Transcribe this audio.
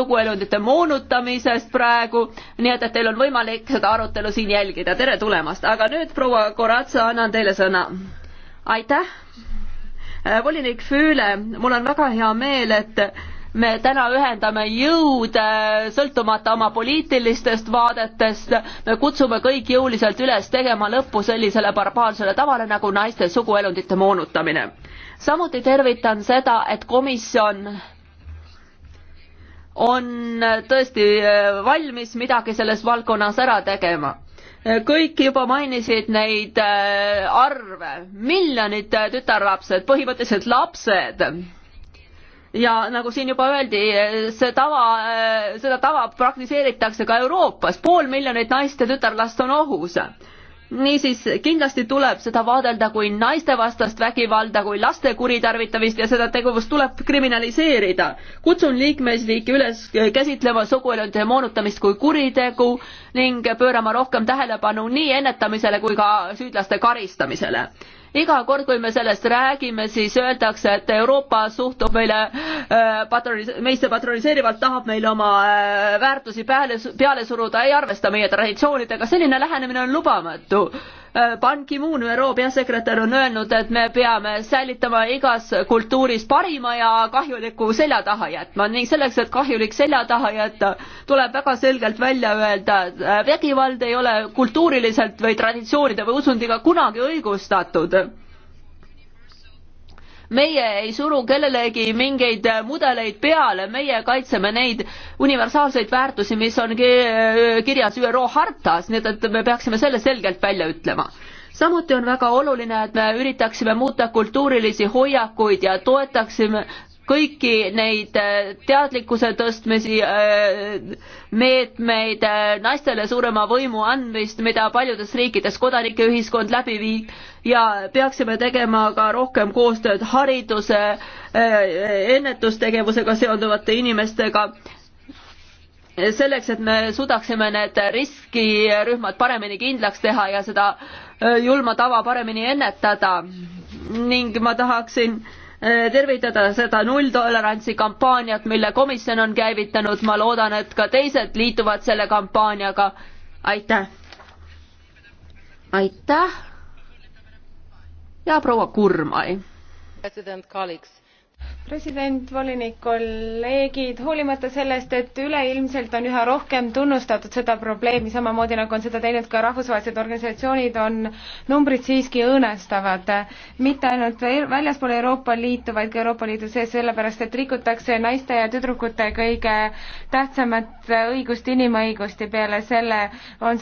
suguelundite moonutamisest praegu, nii et, et teil on võimalik seda arutelu siin jälgida, tere tulemast, aga nüüd proua Koratsa, annan teile sõna. aitäh, äh, volinik Füüle, mul on väga hea meel, et me täna ühendame jõud äh, sõltumata oma poliitilistest vaadetest, me kutsume kõik jõuliselt üles tegema lõppu sellisele barbaarsele tavale nagu naiste suguelundite moonutamine. samuti tervitan seda, et komisjon on tõesti eh, valmis midagi selles valdkonnas ära tegema. Eh, kõik juba mainisid neid eh, arve, miljonid tütarlapsed, põhimõtteliselt lapsed ja nagu siin juba öeldi, see tava, seda tava praktiseeritakse ka Euroopas, pool miljonit naist ja tütarlast on ohus niisiis kindlasti tuleb seda vaadelda kui naistevastast vägivalda, kui laste kuritarvitamist ja seda tegevust tuleb kriminaliseerida. kutsun liikmesriiki üles käsitlema suguelundide moonutamist kui kuritegu ning pöörama rohkem tähelepanu nii ennetamisele kui ka süüdlaste karistamisele iga kord, kui me sellest räägime, siis öeldakse, et Euroopa suhtub meile äh, patronis-, meisse patroniseerivalt, tahab meile oma äh, väärtusi peale, peale suruda, ei arvesta meie traditsioonidega, selline lähenemine on lubamatu äh, Äh, Ban Ki-moon, ÜRO peasekretär on öelnud, et me peame säilitama igas kultuuris parima ja kahjuliku selja taha jätma ning selleks, et kahjulik selja taha jätta, tuleb väga selgelt välja öelda, et vägivald ei ole kultuuriliselt või traditsioonide või usundiga kunagi õigustatud meie ei suru kellelegi mingeid äh, mudeleid peale, meie kaitseme neid universaalseid väärtusi, mis on äh, kirjas ÜRO hartas, nii et, et me peaksime selle selgelt välja ütlema samuti on väga oluline, et me üritaksime muuta kultuurilisi hoiakuid ja toetaksime kõiki neid äh, teadlikkuse tõstmisi, äh, meetmeid, äh, naistele suurema võimu andmist, mida paljudes riikides kodanikeühiskond läbi viib ja peaksime tegema ka rohkem koostööd hariduse, ennetustegevusega seonduvate inimestega selleks, et me suudaksime need riskirühmad paremini kindlaks teha ja seda julma tava paremini ennetada. ning ma tahaksin Eh, tervitada seda nulltolerantsi kampaaniat, mille komisjon on käivitanud, ma loodan, et ka teised liituvad selle kampaaniaga. aitäh. aitäh. ja proua Kurmai. president, kolleegid president, volinik, kolleegid, hoolimata sellest, et üleilmselt on üha rohkem tunnustatud seda probleemi, samamoodi nagu on seda teinud ka rahvusvahelised organisatsioonid, on numbrid siiski õõnestavad. mitte ainult e-, väljaspool Euroopa Liitu, vaid ka Euroopa Liidu sees, sellepärast et rikutakse naiste ja tüdrukute kõige tähtsamat õigust inimõiguste peale, selle on see